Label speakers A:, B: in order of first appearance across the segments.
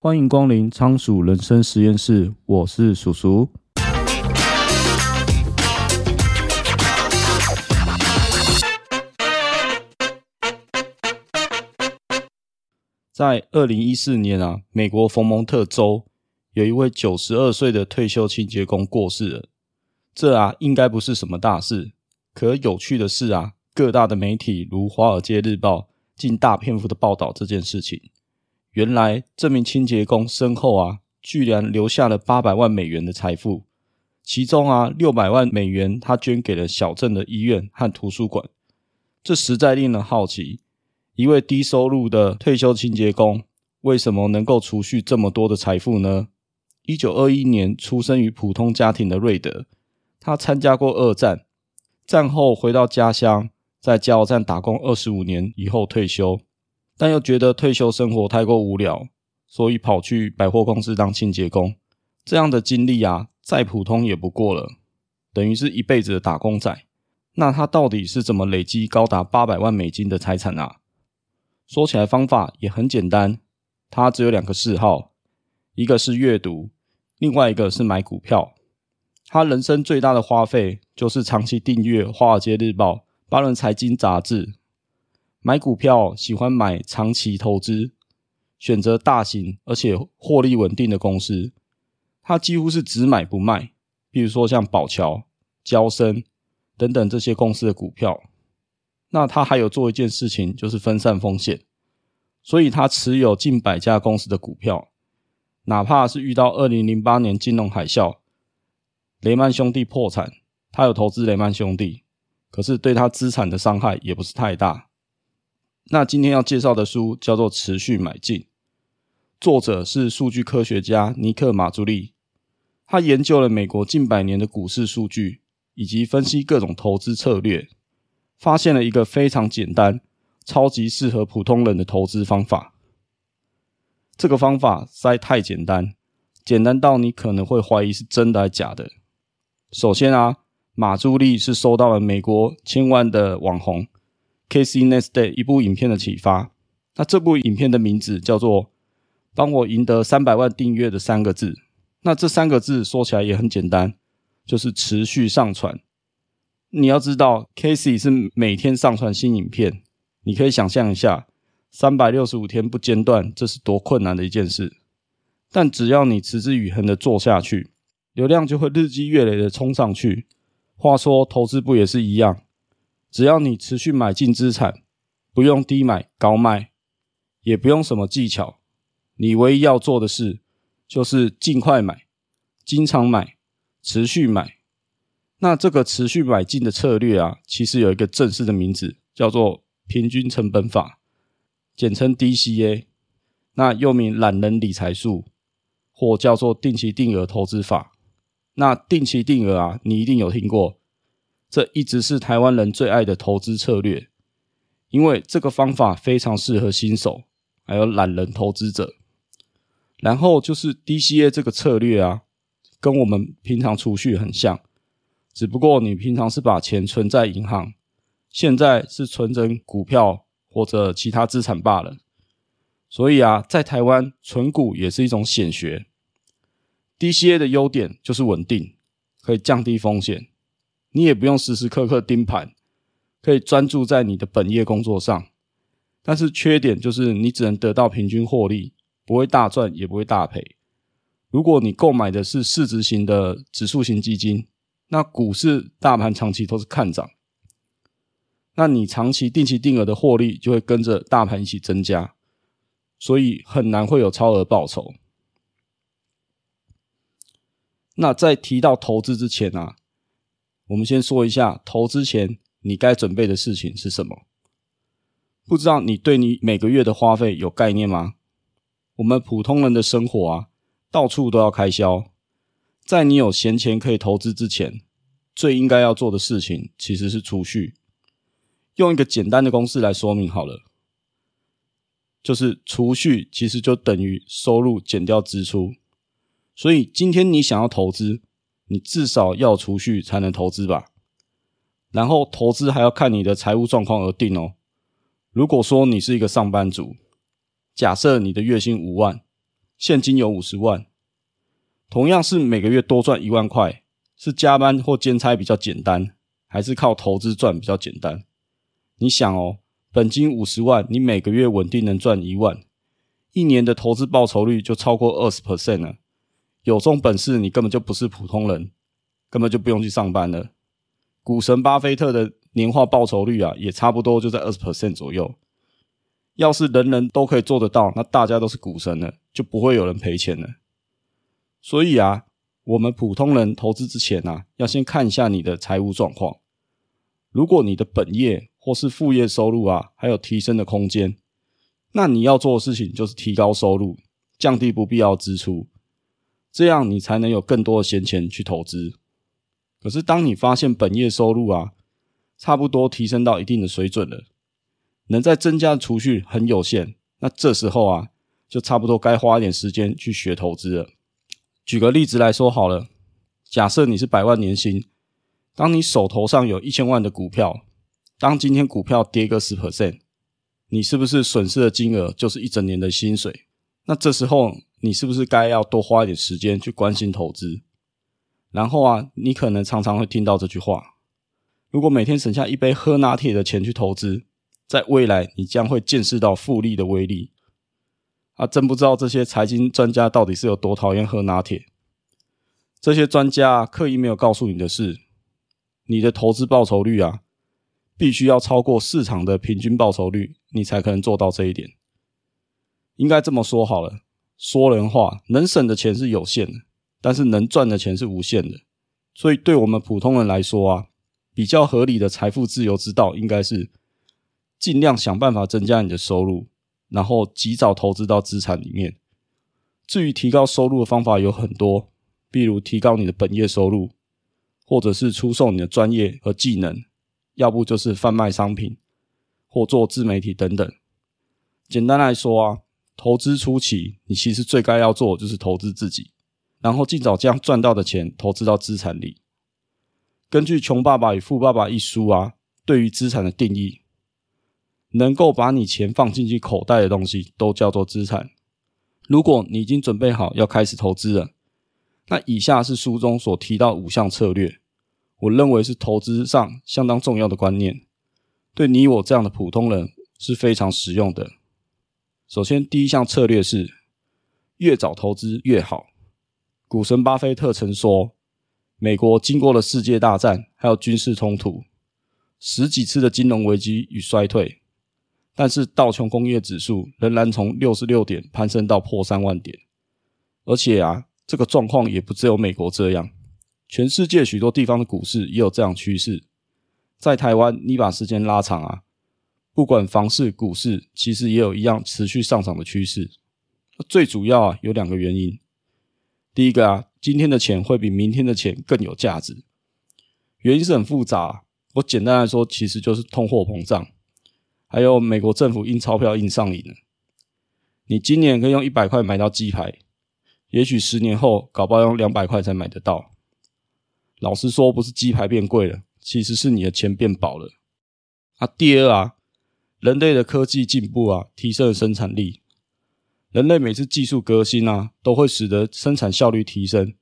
A: 歡迎光臨倉鼠人生實驗室，我是鼠鼠。在二零一四年啊，美國佛蒙特州有一位九十二歲的退休清潔工過世了。這啊，應該不是什麼大事，可有趣的是啊，各大的媒體如《華爾街日報》竟大篇幅的報道這件事情。原來這名清潔工身後啊，居然留下了八百萬美元的財富。其中啊，六百萬美元他捐給了小鎮的醫院和圖書館。這實在令人好奇：一位低收入的退休清潔工，為什麼能夠儲蓄這麼多的財富呢？一九二一年出生於普通家庭的瑞德，他參加過二戰，戰後回到家鄉，在加油站打工二十五年以後退休。但又覺得退休生活太過無聊，所以跑去百貨公司當清潔工。這樣的經歷啊，再普通也不過了，等於是一輩子的打工仔。那他到底是怎麼累積高達八百萬美金的財產啊？說起來方法也很簡單，他只有兩個嗜好，一個是閱讀，另外一個是買股票。他人生最大的花費就是長期訂閱《華爾街日報》、《巴倫財經雜誌》。買股票喜歡買長期投資，選擇大型而且獲利穩定的公司，他幾乎是只買不賣。比如說像寶橋、嬌生等等這些公司的股票。那他還有做一件事情，就是分散風險。所以他持有近百家公司的股票，哪怕是遇到二零零八年金融海嘯、雷曼兄弟破產，他有投資雷曼兄弟，可是對他資產的傷害也不是太大。那今天要介紹的書叫做《持續買進》，作者是數據科學家尼克馬朱利。他研究了美國近百年的股市數據，以及分析各種投資策略，發現了一個非常簡單、超級適合普通人的投資方法。這個方法實在太簡單，簡單到你可能會懷疑是真的還是假的。首先啊，馬朱利是收到了美國千萬的網紅 Casey Next Day 一部影片的啟發。那這部影片的名字叫做“幫我贏得三百萬訂閱”的三個字。那這三個字說起來也很簡單，就是持續上傳。你要知道，Casey 是每天上傳新影片。你可以想象一下，三百六十五天不間斷，這是多困難的一件事。但只要你持之以恆的做下去，流量就會日積月累的衝上去。話說投資不也是一樣？只要你持續買進資產，不用低買高賣，也不用什麼技巧，你唯一要做的事就是盡快買、經常買、持續買。那這個持續買進的策略啊，其實有一個正式的名字，叫做平均成本法，簡稱 DCA，那又名懶人理財術，或叫做定期定額投資法。那定期定額啊，你一定有聽過。這一直是台灣人最愛的投資策略，因為這個方法非常適合新手，還有懶人投資者。然後就是 DCA 這個策略啊，跟我們平常儲蓄很像，只不過你平常是把錢存在銀行，現在是存成股票或者其他資產罷了。所以啊，在台灣存股也是一種顯學。DCA 的優點就是穩定，可以降低風險。你也不用時時刻刻盯盤，可以專注在你的本業工作上。但是缺點就是你只能得到平均獲利，不會大賺，也不會大賠。如果你購買的是市值型的指數型基金，那股市大盤長期都是看漲，那你長期定期定額的獲利就會跟着大盤一起增加，所以很難會有超額報酬。那在提到投資之前啊，我們先說一下，投資前你該準備的事情是什麼？不知道你對你每個月的花費有概念嗎？我們普通人的生活啊，到處都要開銷。在你有閒錢可以投資之前，最應該要做的事情其實是儲蓄。用一個簡單的公式來說明好了，就是儲蓄其實就等於收入減掉支出。所以今天你想要投資，你至少要儲蓄才能投資吧，然後投資還要看你的財務狀況而定哦。如果說你是一個上班族，假設你的月薪五萬，現金有五十萬，同樣是每個月多賺一萬塊，是加班或兼差比較簡單，還是靠投資賺比較簡單？你想哦，本金五十萬，你每個月穩定能賺一萬，一年的投資報酬率就超過二十 percent 了。有這種本事，你根本就不是普通人，根本就不用去上班了。股神巴菲特的年化報酬率啊，也差不多就在二十 percent 左右。要是人人都可以做得到，那大家都是股神了，就不會有人賠錢了。所以啊，我們普通人投資之前啊，要先看一下你的財務狀況。如果你的本業或是副業收入啊，還有提升的空間，那你要做的事情就是提高收入，降低不必要支出。這樣你才能有更多的閒錢去投資。可是，當你發現本業收入啊，差不多提升到一定的水準了，能再增加的儲蓄很有限。那這時候啊，就差不多該花一點時間去學投資了。舉個例子來說好了，假設你是百萬年薪，當你手頭上有一千萬的股票，當今天股票跌個十 percent，你是不是損失的金額就是一整年的薪水？那這時候，你是不是該要多花一點時間去關心投資？然後啊，你可能常常會聽到這句話：“如果每天省下一杯喝拿鐵的錢去投資，在未來你將會見識到複利的威力。”啊，真不知道這些財經專家到底是有多討厭喝拿鐵。這些專家啊，刻意沒有告訴你的是，你的投資報酬率啊，必須要超過市場的平均報酬率，你才可能做到這一點。應該這麼說好了。說人話，能省的錢是有限的，但是能賺的錢是無限的。所以，對我們普通人來說啊，比較合理的財富自由之道，應該是盡量想辦法增加你的收入，然後及早投資到資產裡面。至於提高收入的方法有很多，比如提高你的本業收入，或者是出售你的專業和技能，要不就是販賣商品，或做自媒體等等。簡單來說啊。投資初期，你其實最該要做的就是投資自己，然後盡早將賺到的錢投資到資產裡。根據《窮爸爸與富爸爸》一書啊，對於資產的定義，能夠把你錢放進去口袋的東西都叫做資產。如果你已經準備好要開始投資了，那以下是書中所提到的五項策略，我認為是投資上相當重要的觀念，對你我這樣的普通人是非常實用的。首先，第一項策略是越早投資越好。股神巴菲特曾說：“美國經過了世界大戰，還有軍事衝突，十幾次的金融危機與衰退，但是道瓊工業指數仍然從六十六點攀升到破三萬點。而且啊，這個狀況也不只有美國這樣，全世界許多地方的股市也有這樣趨勢。在台灣，你把時間拉長啊。”不管房市、股市，其實也有一樣持續上漲的趨勢。最主要啊，有兩個原因。第一個啊，今天的錢會比明天的錢更有價值。原因是很複雜啊，我簡單來說，其實就是通貨膨脹，還有美國政府印鈔票印上癮。你今年可以用一百塊買到雞排，也許十年後搞不好用兩百塊才買得到。老實說，不是雞排變貴了，其實是你的錢變薄了。啊，第二啊。人類的科技進步啊，提升了生產力。人類每次技術革新啊，都會使得生產效率提升，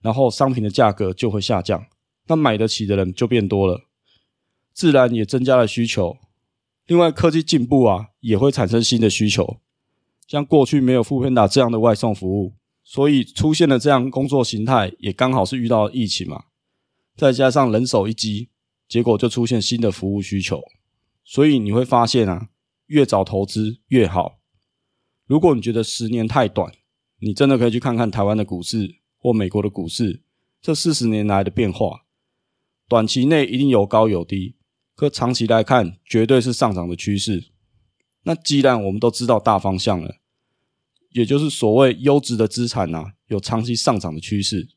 A: 然後商品的價格就會下降，那買得起的人就變多了，自然也增加了需求。另外，科技進步啊，也會產生新的需求。像過去沒有 foodpanda 這樣的外送服務，所以出現了這樣工作形態，也剛好是遇到了疫情嘛。再加上人手一機，結果就出現新的服務需求。所以你會發現啊，越早投資越好。如果你覺得十年太短，你真的可以去看看台灣的股市或美國的股市，這四十年來的變化，短期內一定有高有低，可長期來看絕對是上漲的趨勢。那既然我們都知道大方向了，也就是所謂優質的資產啊，有長期上漲的趨勢。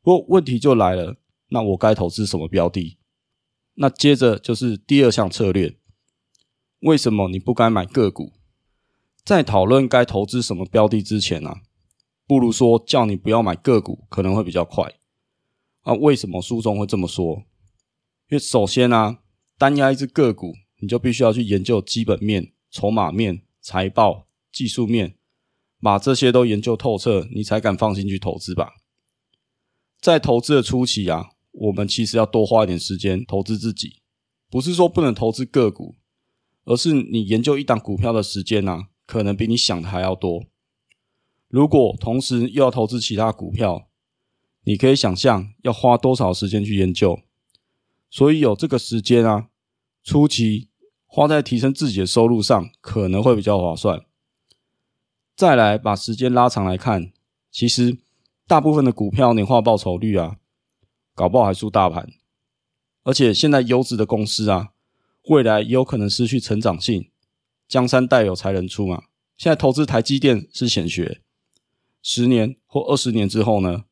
A: 不過問題就來了，那我該投資什麼標的？那接着就是第二項策略，為什麼你不該買個股？在討論該投資什麼標的之前啊，不如說叫你不要買個股，可能會比較快。啊，為什麼書中會這麼說？因為首先啊，單押一隻個股，你就必須要去研究基本面、籌碼面、財報、技術面，把這些都研究透徹，你才敢放心去投資吧。在投資的初期啊。我們其實要多花一點時間投資自己，不是說不能投資個股，而是你研究一檔股票的時間呢啊，可能比你想的還要多。如果同時又要投資其他股票，你可以想象要花多少時間去研究。所以有這個時間啊，初期花在提升自己的收入上可能會比較划算。再來把時間拉長來看，其實大部分的股票年化報酬率啊，搞不好還輸大盤，而且現在優質的公司啊，未來也有可能失去成長性。江山代有才人出嘛，現在投資台積電是顯學，十年或二十年之後呢？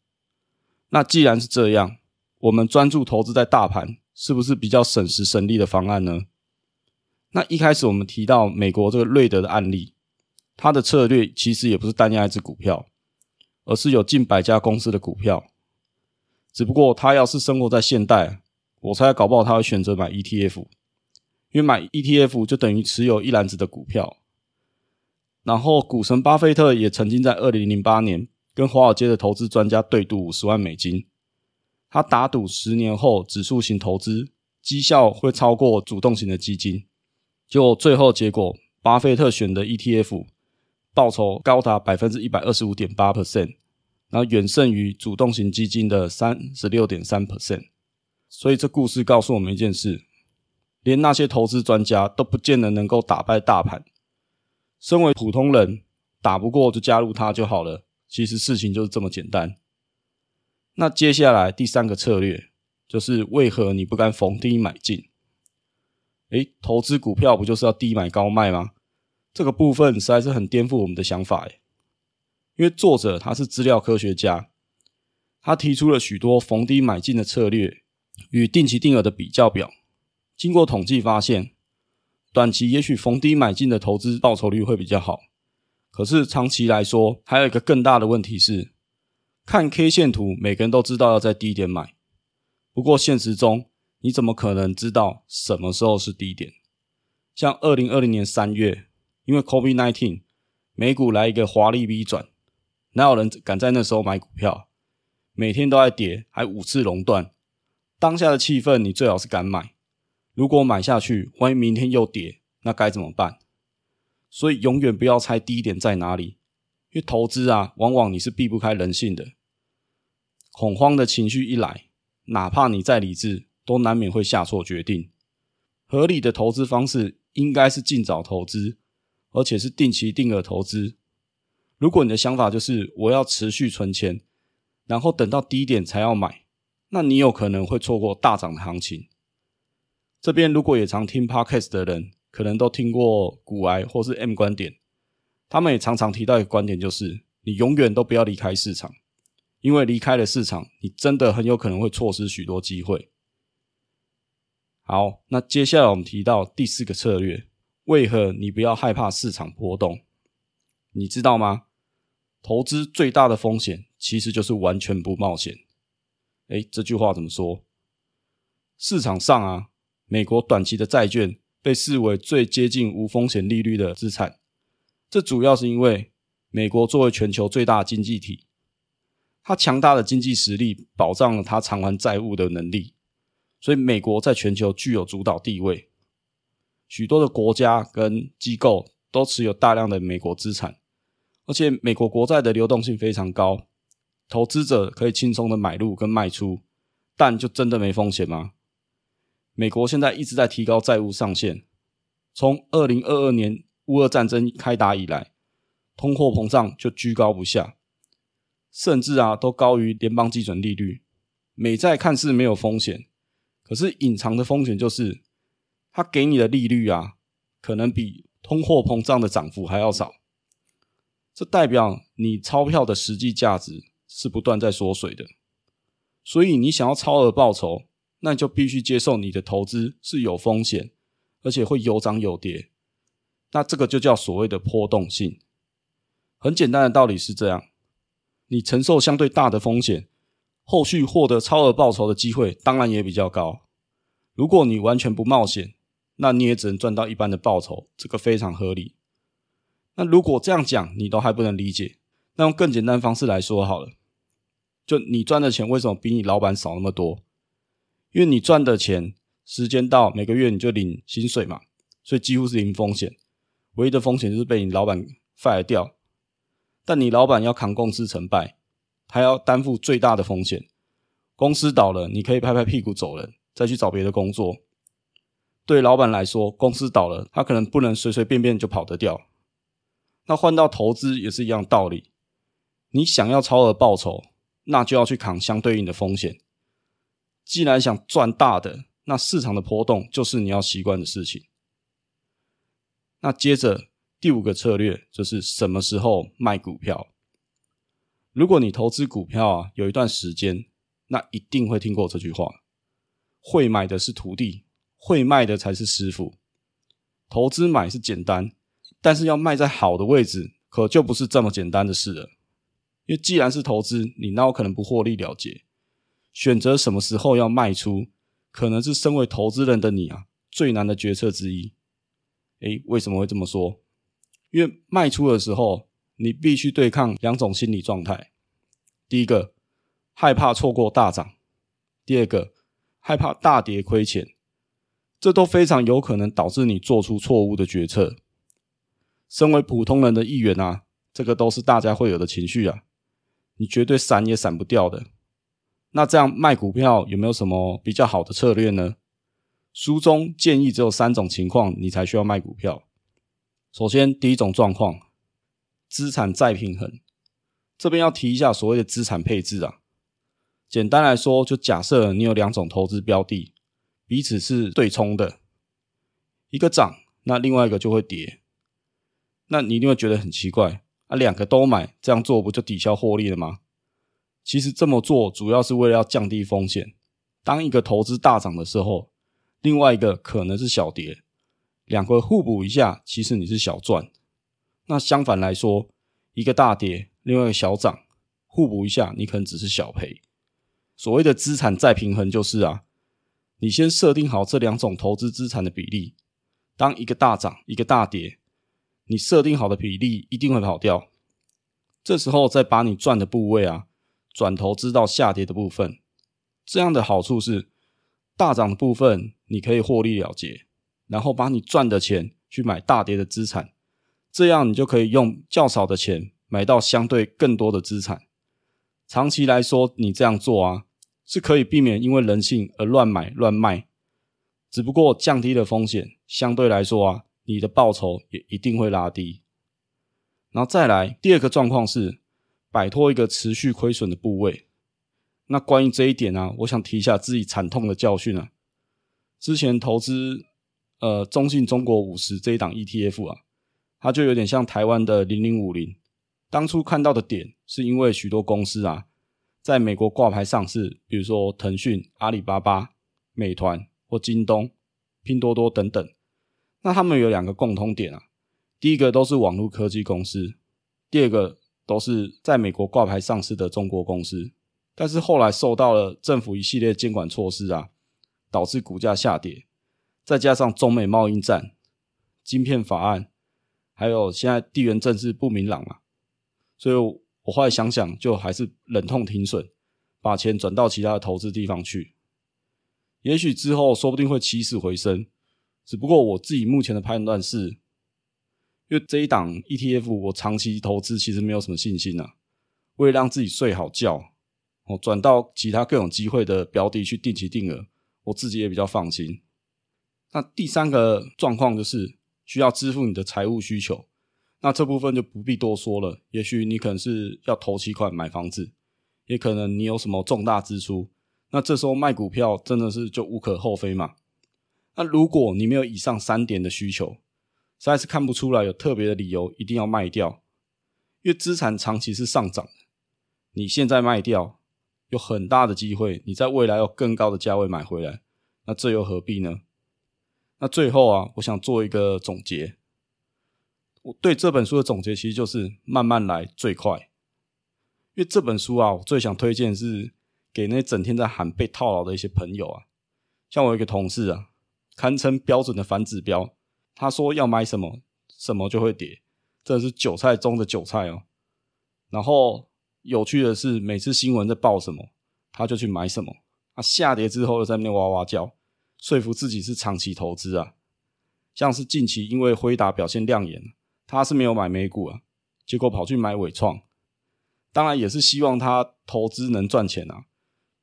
A: 那既然是這樣，我們專注投資在大盤，是不是比較省時省力的方案呢？那一開始我們提到美國這個瑞德的案例，他的策略其實也不是單壓一隻股票，而是有近百家公司的股票。只不過他要是生活在現代，我猜搞不好他會選擇買 ETF，因為買 ETF 就等於持有一籃子的股票。然後，股神巴菲特也曾經在二零零八年跟華爾街的投資專家對賭五十萬美金，他打賭十年後指數型投資績效會超過主動型的基金。結果最後結果，巴菲特選的 ETF 報酬高達百分之一百二十五點八 percent。然後遠勝於主動型基金的三十六點三 percent，所以這故事告訴我們一件事：連那些投資專家都不見得能夠打敗大盤。身為普通人，打不過就加入它就好了。其實事情就是這麼簡單。那接下來第三個策略就是為何你不該逢低買進誒？誒，投資股票不就是要低買高賣嗎？這個部分實在是很顛覆我們的想法誒。因為作者他是資料科學家，他提出了許多逢低買進的策略與定期定額的比較表。經過統計發現，短期也許逢低買進的投資報酬率會比較好，可是長期來說，還有一個更大的問題是：看 K 線圖，每個人都知道要在低點買。不過現實中，你怎麼可能知道什麼時候是低點？像二零二零年三月，因為 COVID-19，美股來一個華麗 V 轉。哪有人敢在那時候買股票？每天都在跌，還五次熔斷。當下的氣氛，你最好是敢買。如果買下去，萬一明天又跌，那該怎麼辦？所以，永遠不要猜低點在哪裡，因為投資啊，往往你是避不開人性的。恐慌的情緒一來，哪怕你再理智，都難免會下錯決定。合理的投資方式應該是盡早投資，而且是定期定額投資。如果你的想法就是我要持續存錢，然後等到低點才要買，那你有可能會錯過大漲的行情。這邊如果也常聽 Podcast 的人，可能都聽過股癌或是 M 觀點，他們也常常提到一個觀點，就是你永遠都不要離開市場，因為離開了市場，你真的很有可能會錯失許多機會。好，那接下來我們提到第四個策略，為何你不要害怕市場波動？你知道嗎？投資最大的風險其實就是完全不冒險。誒，這句話怎麼說？市場上啊，美國短期的債券被視為最接近無風險利率的資產。這主要是因為美國作為全球最大的經濟體，它強大的經濟實力保障了它償還債務的能力，所以美國在全球具有主導地位。許多的國家跟機構都持有大量的美國資產。而且美國國債的流動性非常高，投資者可以輕鬆的買入跟賣出，但就真的沒風險嗎？美國現在一直在提高債務上限，從二零二二年烏俄戰爭開打以來，通貨膨脹就居高不下，甚至啊都高於聯邦基準利率。美債看似沒有風險，可是隱藏的風險就是，它給你的利率啊，可能比通貨膨脹的漲幅還要少。這代表你鈔票的實際價值是不斷在縮水的，所以你想要超額報酬，那你就必須接受你的投資是有風險，而且會有漲有跌。那這個就叫所謂的波動性。很簡單的道理是這樣：你承受相對大的風險，後續獲得超額報酬的機會當然也比較高。如果你完全不冒險，那你也只能賺到一般的報酬，這個非常合理。那如果這樣講，你都還不能理解，那用更簡單方式來說好了。就你賺的錢為什麼比你老板少那麼多？因為你賺的錢，時間到每個月你就領薪水嘛，所以幾乎是零風險。唯一的風險就是被你老板 fire 掉。但你老板要扛公司成敗，他要擔負最大的風險。公司倒了，你可以拍拍屁股走人，再去找別的工作。對老板來說，公司倒了，他可能不能隨隨便便就跑得掉。那換到投資也是一樣道理，你想要超額報酬，那就要去扛相對應的風險。既然想賺大的，那市場的波動就是你要習慣的事情。那接着第五個策略就是什麼時候賣股票。如果你投資股票啊，有一段時間，那一定會聽過這句話：會買的是徒弟，會賣的才是師傅。投資買是簡單。但是要賣在好的位置，可就不是這麼簡單的事了。因為既然是投資，你哪有可能不獲利了結。選擇什麼時候要賣出，可能是身為投資人的你啊，最難的決策之一。誒、欸，為什麼會這麼說？因為賣出的時候，你必須對抗兩種心理狀態：第一個，害怕錯過大漲；第二個，害怕大跌虧錢。這都非常有可能導致你做出錯誤的決策。身為普通人的一員啊，這個都是大家會有的情緒啊，你絕對閃也閃不掉的。那這樣賣股票有沒有什麼比較好的策略呢？書中建議只有三種情況你才需要賣股票。首先，第一種狀況，資產再平衡。這邊要提一下所謂的資產配置啊，簡單來說，就假設你有兩種投資標的，彼此是對沖的，一個漲，那另外一個就會跌。那你一定會覺得很奇怪啊！兩個都買，這樣做不就抵消獲利了嗎？其實這麼做主要是為了要降低風險。當一個投資大漲的時候，另外一個可能是小跌，兩個互補一下，其實你是小賺。那相反來說，一個大跌，另外一個小漲，互補一下，你可能只是小賠。所謂的資產再平衡就是啊，你先設定好這兩種投資資產的比例，當一個大漲，一個大跌。你設定好的比例一定會跑掉，這時候再把你賺的部位啊，轉投資到下跌的部分。這樣的好處是，大漲的部分你可以獲利了結，然後把你賺的錢去買大跌的資產，這樣你就可以用較少的錢買到相對更多的資產。長期來說，你這樣做啊，是可以避免因為人性而亂買亂賣，只不過降低了風險，相對來說啊。你的報酬也一定會拉低，然後再來第二個狀況是擺脫一個持續虧損的部位。那關於這一點啊，我想提一下自己慘痛的教訓啊。之前投資呃中信中國五十這一檔 ETF 啊，它就有點像台灣的零零五零。當初看到的點是因為許多公司啊在美國掛牌上市，比如說騰訊、阿里巴巴、美團或京東、拼多多等等。那他們有兩個共通點啊，第一個都是網絡科技公司，第二個都是在美國掛牌上市的中國公司。但是後來受到了政府一系列監管措施啊，導致股價下跌，再加上中美貿易戰、晶片法案，還有現在地緣政治不明朗嘛，所以我後來想想，就還是忍痛停損，把錢轉到其他的投資地方去。也許之後說不定會起死回生。只不過我自己目前的判斷是，因為這一檔 ETF 我長期投資其實沒有什麼信心吶。為了讓自己睡好覺，我轉到其他各種機會的標的去定期定額，我自己也比較放心。那第三個狀況就是需要支付你的財務需求，那這部分就不必多說了。也許你可能是要頭期款買房子，也可能你有什麼重大支出，那這時候賣股票真的是就無可厚非嘛。那如果你沒有以上三點的需求，實在是看不出來有特別的理由一定要賣掉，因為資產長期是上漲的。你現在賣掉，有很大的機會你在未來有更高的價位買回來，那這又何必呢？那最後啊，我想做一個總結，我對這本書的總結其實就是慢慢來最快。因為這本書啊，我最想推薦是給那整天在喊被套牢的一些朋友啊，像我有一個同事啊。堪稱標準的反指標，他說要買什麼，什麼就會跌，這是韭菜中的韭菜哦、喔。然後有趣的是，每次新聞在報什麼，他就去買什麼。他、啊、下跌之後又在那哇哇叫，說服自己是長期投資啊。像是近期因為輝達表現亮眼，他是沒有買美股啊，結果跑去買緯創，當然也是希望他投資能賺錢啊。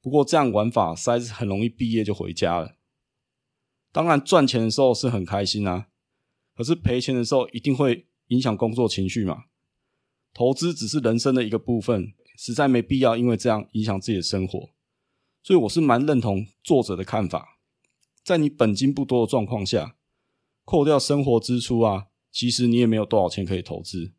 A: 不過這樣玩法實在是很容易畢業就回家了。當然，賺錢的時候是很開心啊，可是賠錢的時候一定會影響工作情緒嘛。投資只是人生的一個部分，實在沒必要因為這樣影響自己的生活。所以，我是蠻認同作者的看法。在你本金不多的狀況下，扣掉生活支出啊，其實你也沒有多少錢可以投資。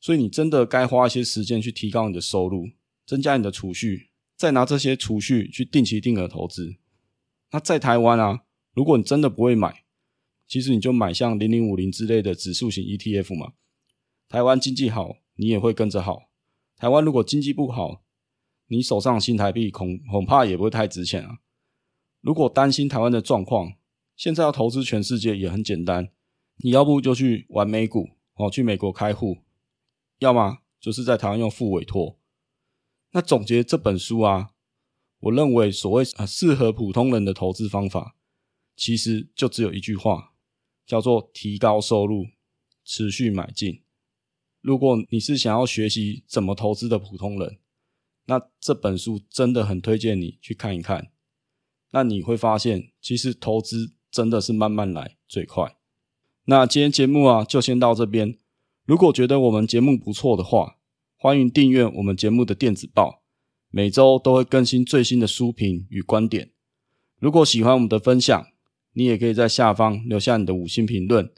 A: 所以，你真的該花一些時間去提高你的收入，增加你的儲蓄，再拿這些儲蓄去定期定額投資。那在台灣啊。如果你真的不會買，其實你就買像零零五零之類的指數型 ETF 嘛。台灣經濟好，你也會跟着好；台灣如果經濟不好，你手上新台幣恐恐怕也不會太值錢啊。如果擔心台灣的狀況，現在要投資全世界也很簡單，你要不就去玩美股哦，去美國開戶；要麼就是在台灣用複委託。那總結這本書啊，我認為所謂啊適合普通人的投資方法。其實就只有一句話，叫做提高收入，持續買進。如果你是想要學習怎麼投資的普通人，那這本書真的很推薦你去看一看。那你會發現，其實投資真的是慢慢來最快。那今天節目啊，就先到這邊。如果覺得我們節目不錯的話，歡迎訂閱我們節目的電子報，每週都會更新最新的書評與觀點。如果喜歡我們的分享，你也可以在下方留下你的五星評論，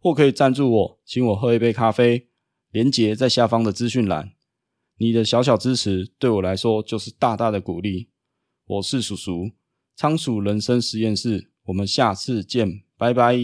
A: 或可以贊助我，請我喝一杯咖啡，連結在下方的資訊欄。你的小小支持對我來說就是大大的鼓勵。我是叔叔，倉鼠人生實驗室，我們下次見，拜拜。